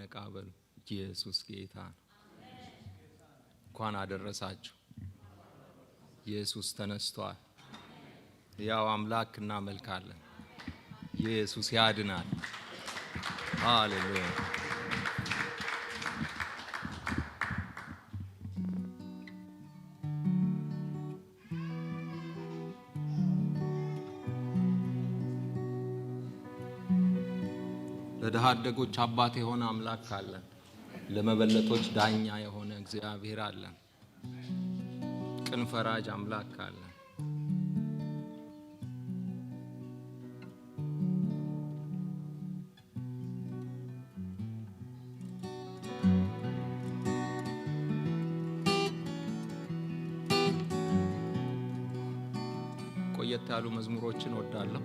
ፈነቃ በሉ። ኢየሱስ ጌታ ነው። እንኳን አደረሳችሁ። ኢየሱስ ተነስቷል። ያው አምላክ እናመልካለን። ኢየሱስ ያድናል። ሃሌሉያ ታደጎች አባት የሆነ አምላክ አለን። ለመበለቶች ዳኛ የሆነ እግዚአብሔር አለን። ቅን ፈራጅ አምላክ አለን። ቆየት ያሉ መዝሙሮችን ወዳለሁ።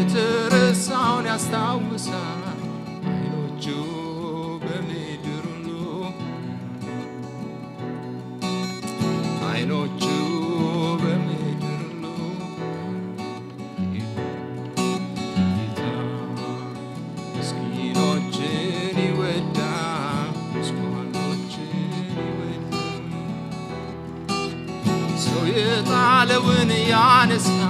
የተረሳውን ያስታውሳል። አይኖቹ በምድር ሁሉ አይኖቹ በምድር ሁሉ ምስኪኖችን ይወዳል፣ ምስኪኖችን ይወዳል። ሰው የጣለውን ያነሳ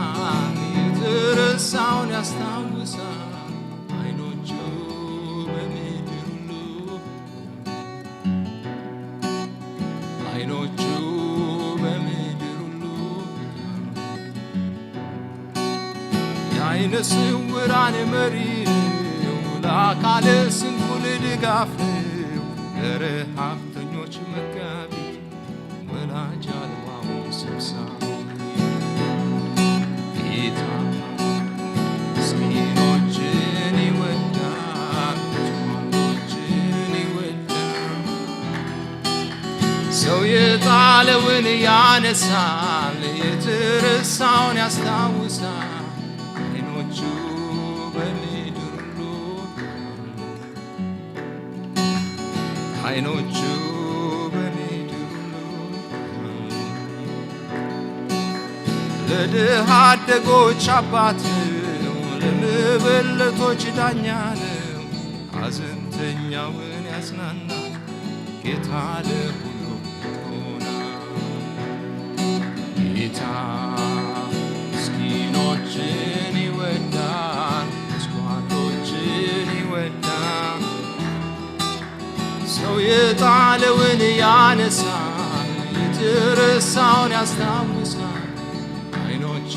አይነ ስውራን መሪ ለአካለ ስንኩል ድጋፍ ለረሃብተኞች መጋቢ ወላጅ አልባው ሰብሳቢ ጌታ ምስኪኖችን ይወዳል፣ ችግረኞችን ይወዳል። ሰው የጣለውን ያነሳል፣ የተረሳውን ያስ አይኖቹ ለድሃ አደጎች አባት ነው፣ ለመበለቶች ዳኛ ነው፣ ሐዘንተኛውን ያጽናና ጌታ ለሁሉ ሆና ጌታ ምስኪኖችን ሰው የጣለውን ያነሳል፣ የተረሳውን ያስታውሳል። አይኖቹ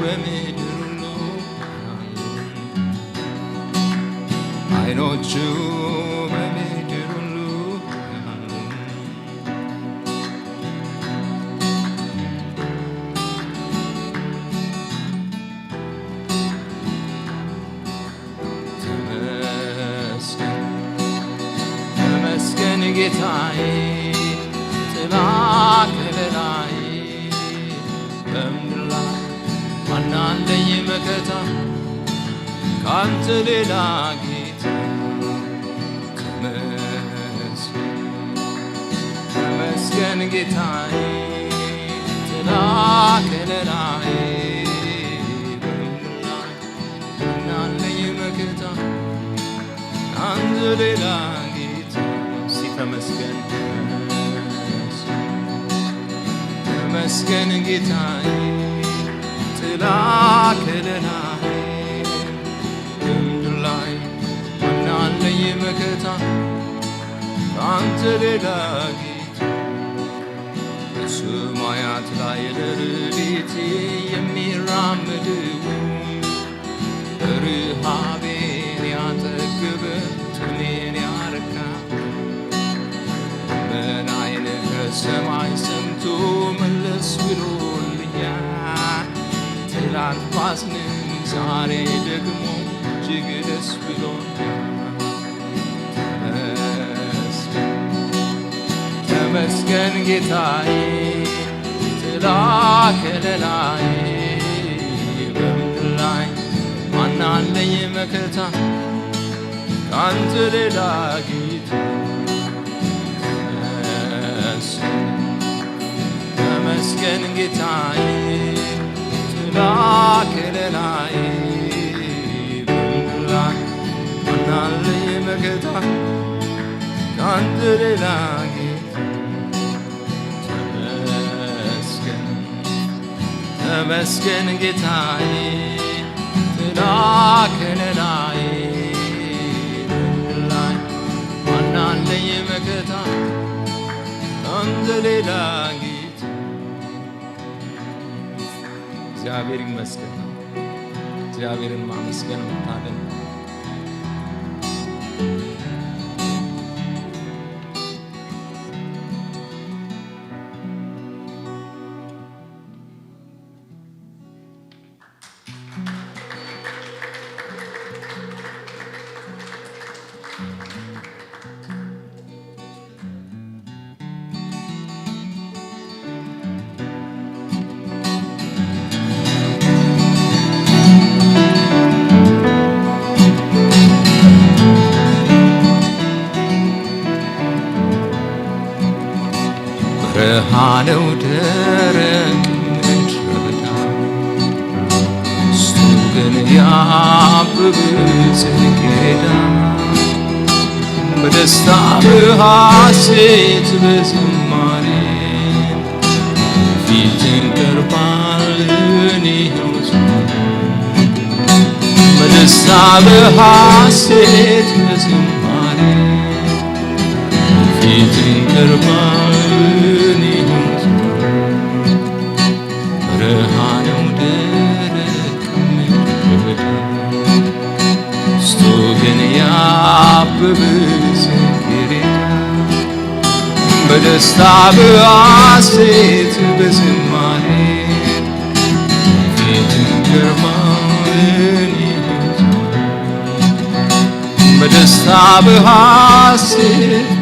በምድር ሁሉ አይኖቹ አንተ ሌላ ጌታ ተመስገን ጌታዬ ተላከለላዬ ሌላ ጌታ ሲተመስገን ተመስገን ጌታዬ ጥላ ከለላ pietà, tantelera git. በሰማያት ላይ ለርዴት የሚራምድ ርሃቤን ያጠግብ ጥሜን ያርካ ምን አይነት ከሰማይ ሰምቶ መለስ ብሎልኛል። ትላንት ባዝንም ዛሬ ደግሞ እጅግ ደስ ብሎኛል። ተመስገን ጌታዬ ጥላ ከለላዬ በምድር ላይ ማን መከታ ከአንተ ሌላ ጌታ ተመስገን ጌታዬ ጥላ ከለላዬ በምድር ላይ ማን መከታ ከአንተ ሌላ ተመስገን ጌታዬ ጥላ ከለላዬ ላይ ማናለኝ መከታ አንተ ሌላ ጌታ እግዚአብሔር ይመስገን። እግዚአብሔርን ማመስገን መታደል ዋለው ደረቅ ምድረ ውስጡ ግን ያብብ ጽጌረዳ በደስታ በሐሴት በዝማሬ ፊትን ቀርባልን በደስታ በሐሴት በዝማሬ ፊትን ቀርባል በምስክሬታ በደስታ በአሴት በዝማሬ ግርማን በደስታ በሐሴት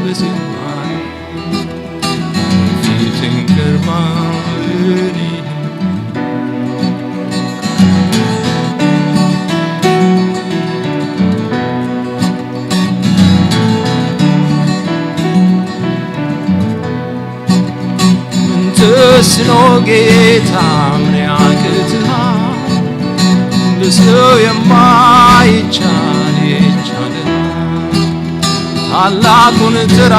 ብስሎ ጌታ ምን ያቅትሃል? ብስለው የማይቻል ታላቁን ምስክር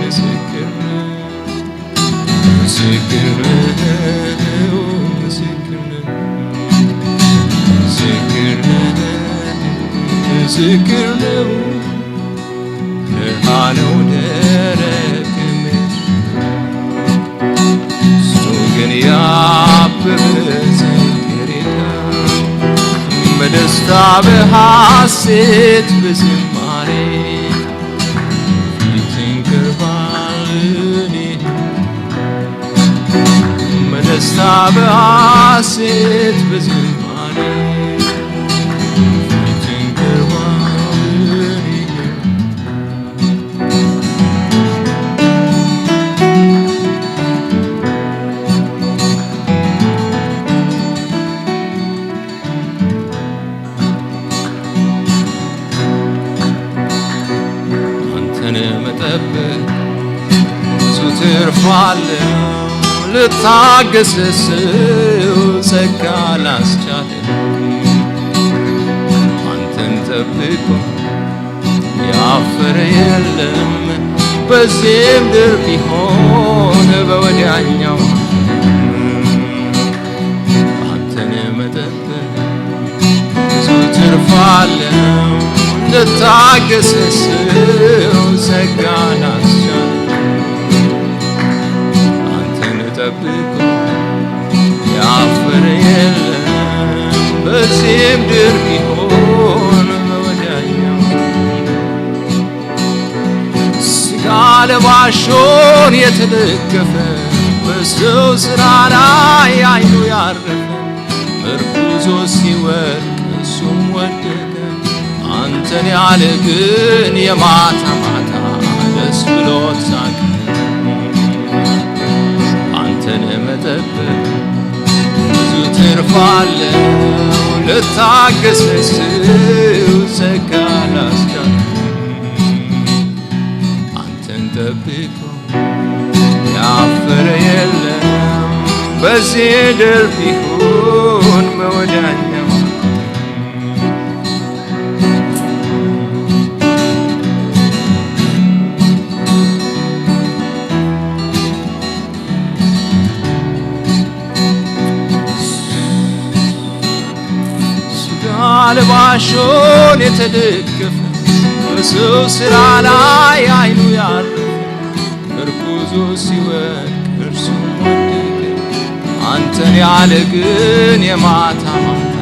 ምስክር ምስክር ምስክር ነው ነው ደረቅ እሱ ግን ያበበ በደስታ በሐሴት በዝማሬ በደስታ በሐሴት በዝማሬ መጠበቅ ብዙ ትርፋለው ልታገስስው ጸጋ ላስቻለ አንተን ጠብቆ ያፈረ የለም በዚህም ድር ቢሆን በወዲያኛው አንተን መጠበቅ ብዙ ትርፋለው ልታገስስው ሰጋና አስቻለ አንተን ጠብቆ ያፈረ የለም። በዚህም ድር ቢሆን በወዲያኛው ለባሾን የተደገፈ በሰው ሥራ ላይ አይኑ ያረፈ ምርኩዞ ሲወድቅ እሱም ወደቀ። አንተን ያለ ግን የማታ ማታ ደስ ብሎት ሳቅ አንተን መጠበቅ ብዙ ትርፋለው ልታገሰስ ጸጋ ላስጋ አንተን ጠብቆ ያፈረ የለም በዚህ ድል ቢሆን መወዳኝ በጋሾን የተደገፈ በሰው ስራ ላይ አይኑ ያረፈ እርጉዞ ሲወድቅ እርሱ ወደቀ። አንተን ያለ ግን የማታ ማታ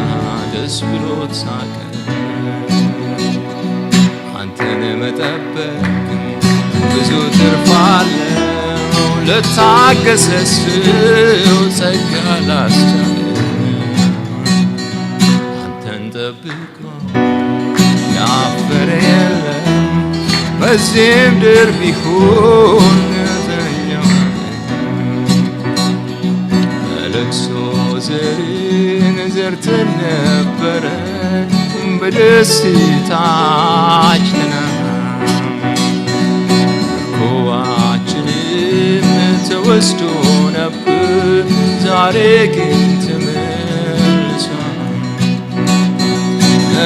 ደስ ብሎት ሳቀ። አንተን መጠበቅ ብዙ ትርፍ አለው ለታገሰ ሰው ጸጋ ላስቻለ ተጠብቆ ያፈረ የለም በዚህ ምድር ቢሆን ተኛው በልቅሶ ዘርን ዘርተን ነበረ በደስታችን ተወስዶ ነበር ዛሬ ግን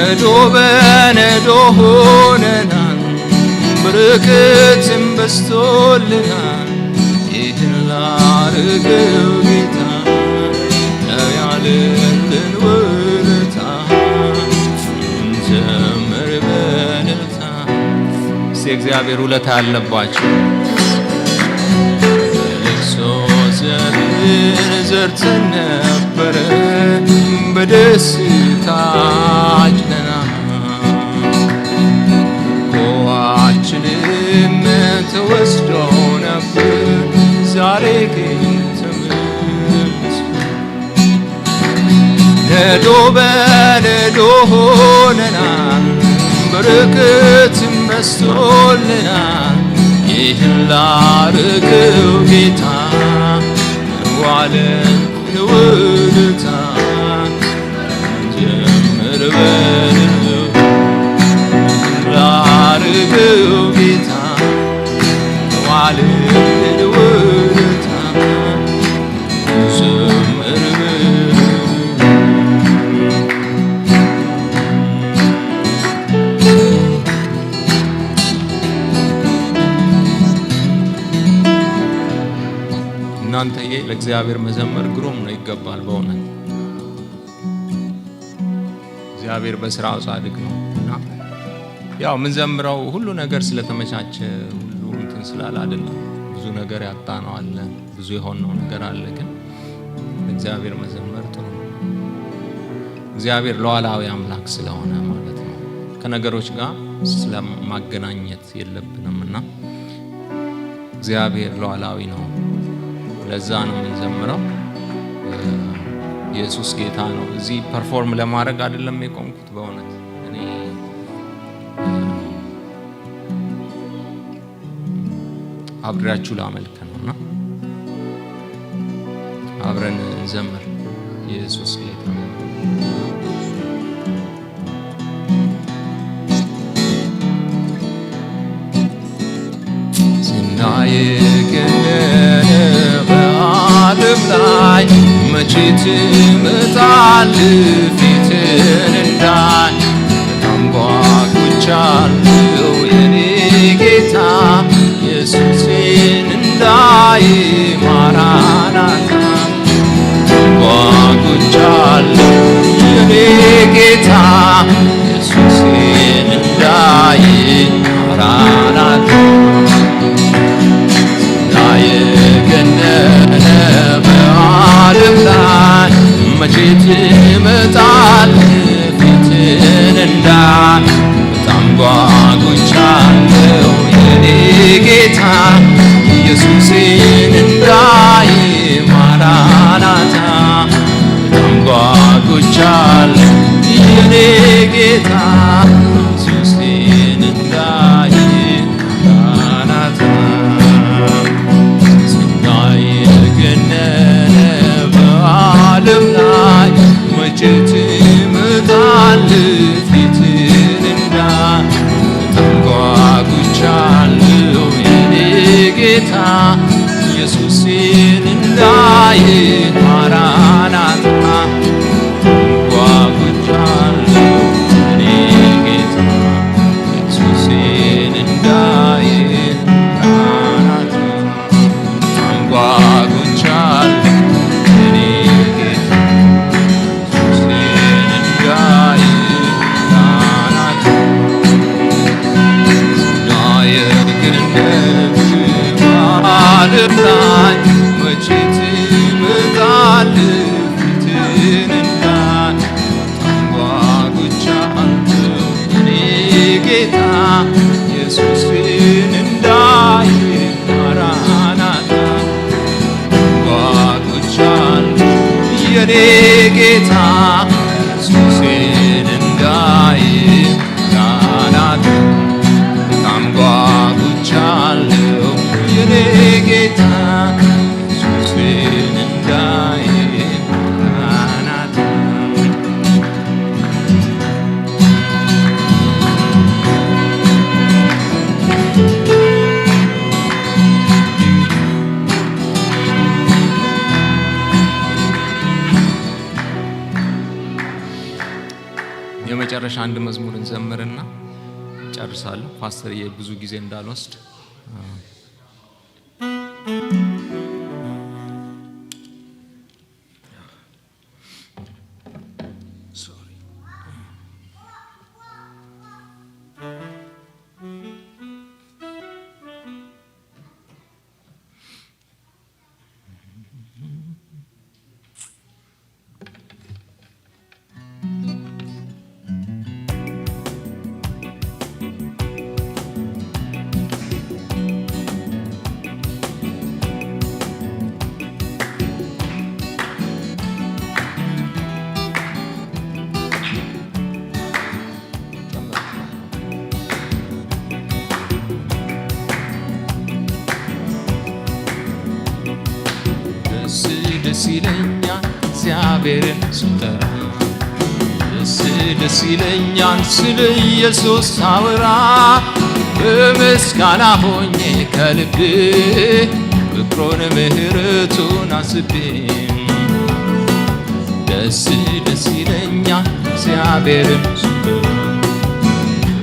ነዶ በነዶ ሆነናል፣ በረከትም በስቶልናል። ይህን ላርገው ጌታ ነው ያለልን ውለታ እንጀምር በእልልታ። እስቲ እግዚአብሔር ውለታ አለባቸው ዘርተን ነበረ በደስታ አጭደና ቁዋችንም ተወስዶ ነበር ዛሬ ግን ተመልሶ ነዶ በነዶ ሆነናል በርቀትም በስቶልናል ይህን ላርገው ጌታ In the wood of time. ለእግዚአብሔር መዘመር ግሩም ነው፣ ይገባል። በእውነት እግዚአብሔር በስራው ጻድቅ ነው እና ያው የምንዘምረው ሁሉ ነገር ስለተመቻቸ ሁሉ እንትን ስላል አይደለም። ብዙ ነገር ነው አለ፣ ብዙ የሆነው ነገር አለ። ግን እግዚአብሔር መዘመር ጥሩ ነው። እግዚአብሔር ለዋላዊ አምላክ ስለሆነ ማለት ነው ከነገሮች ጋር ስለማገናኘት የለብንም እና እግዚአብሔር ለዋላዊ ነው። ለዛ ነው የምንዘምረው። ኢየሱስ ጌታ ነው። እዚህ ፐርፎርም ለማድረግ አይደለም የቆምኩት። በእውነት እኔ አብሬያችሁ ላመልክ ነውና አብረን እንዘምር። ኢየሱስ ጌታ ዝናዬ አንቺ ትመጣል ፊትን እንዳይ ታንጓጉቻለሁ የኔ ጌታ እንዳይ ማራናታ ታንጓጉቻለሁ የኔ ጌታ እንዳይ ማራናታ መቼ ትመጣለህ ፊትህን በጣም የኔ ጌታ ኢየሱስን እንዳይ ማራናታ በጣም የኔ ጌታ ብዬ ብዙ ጊዜ እንዳልወስድ እግዚአብሔርን ስጠራ ደስ ደስ ይለኛል ስለ ኢየሱስ ሳወራ በምስጋና ሆኜ ከልቤ ፍቅሩን ምሕረቱን አስቤ ደስ ደስ ይለኛል እግዚአብሔርን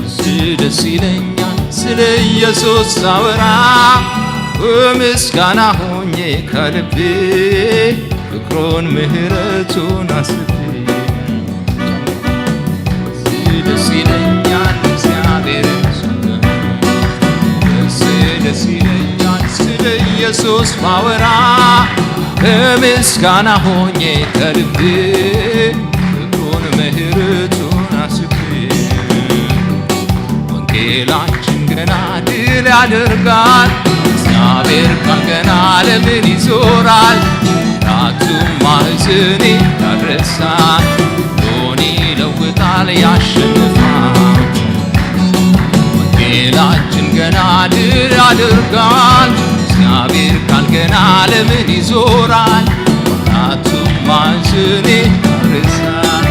ደስ ደስ ይለኛል ስለ ኢየሱስ ሳወራ በምስጋና ሆኜ ከልቤ ፍቅሩን ምህረቱን አስቤ ደስ ይለኛል እግዚአብሔር ደስ ደስ ይለኛል ስለ ኢየሱስ ማወራ በምስጋና ሆኜ ከልቤ ፍቅሩን ምሕረቱን አስቤ ወንጌላችን ገና ድል ያደርጋል እግዚአብሔር ቃል ገና ለምን ይዞራል ፍጹም ማህዝኔ ያረሳል ሁሉን ይለውጣል ያሸንፋል ወንጌላችን ገና ድል ያደርጋል እግዚአብሔር ቃል ገና ዓለምን ይዞራል አራቱም ማህዝኔ ያረሳል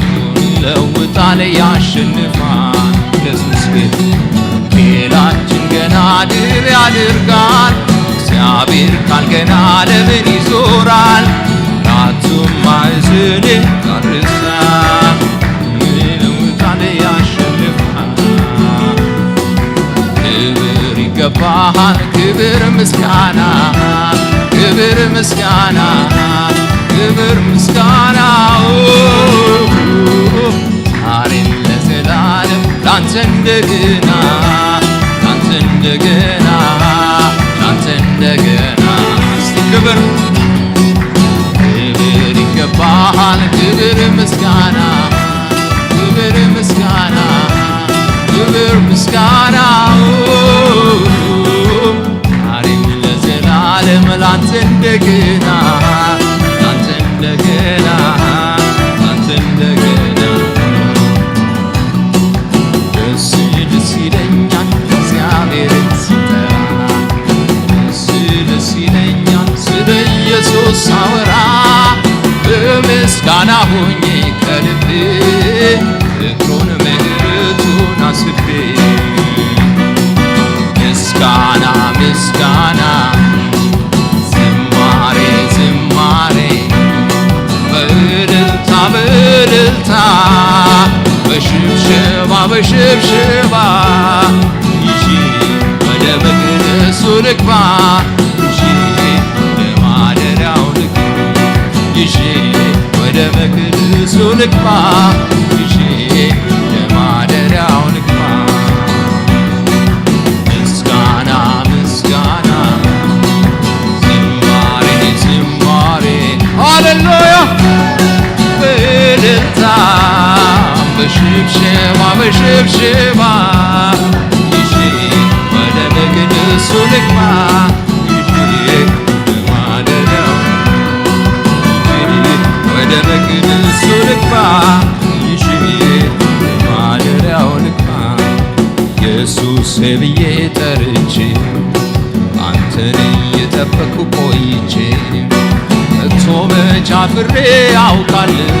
ሁሉን ይለውጣል ያሸንፋል ኢየሱስ ቤት ወንጌላችን ገና ድል ያደርጋል እግዚአብሔር ቃል ገና ዓለምን ራስን አርሳ ያሸንፋል። ክብር ይገባሃል፣ ክብር ምስጋና፣ ክብር ምስጋና፣ ክብር ምስጋና ዛሬም ለዘላለም ላንተ እንደገና ላንተ እንደገና ላንተ እንደገና ክብር ይገባሃል ክብር ምስጋና ክብር ምስጋና ክብር ምስጋና ልግባ ይዤ የማደሪያው ልግባ ምስጋና ምስጋና ዝማሬ ዝማሬ ሃሌሉያ በእልልታ በሽብሸባ በሽብሸባ ይዤ ወደ መቅደሱ ልግባ ወደ መቅደሱ ልግባ ይሽ ብዬ ማደሪያው ልግባ ኢየሱስ ብዬ ጠርቼ አንተን እየጠበኩ ቆይቼ እቶ በቻፍሬ አውቃለሁ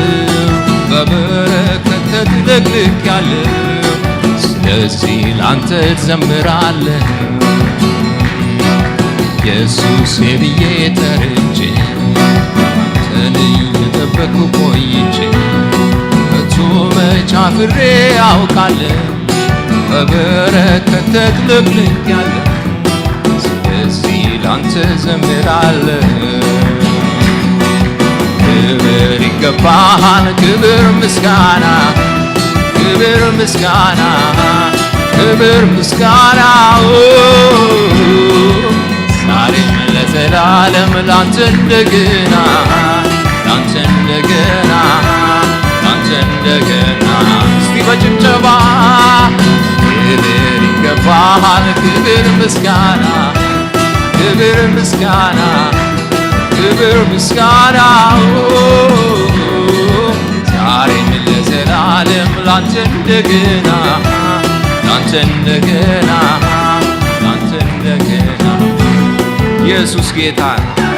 በበረከት ተድለግልቅ ያለ ስለዚህ ላንተ ትዘምራለህ ኢየሱስ ብዬ ጠርቼ አንተን እየጠበቅኩ ቆይቼ ከቶ መች አፍሬ አውቃለሁ? በበረከት ተጥለቅልቄያለሁ። ስለዚህ ላንተ ዘምራለሁ። ክብር ይገባሃል፣ ክብር ምስጋና፣ ክብር ምስጋና፣ ክብር ምስጋና ዛሬ ለዘላለም ላንተ እንደገና እንደገና ላንተ እንደገና እስቲ በጭብጨባ ክብር ይገባሃል ክብር ምስጋና ክብር ምስጋና ክብር ምስጋና ዛሬም ለዘላለም ላንተ እንደገና ላንተ እንደገና ላንተ እንደገና ኢየሱስ ጌታ ነው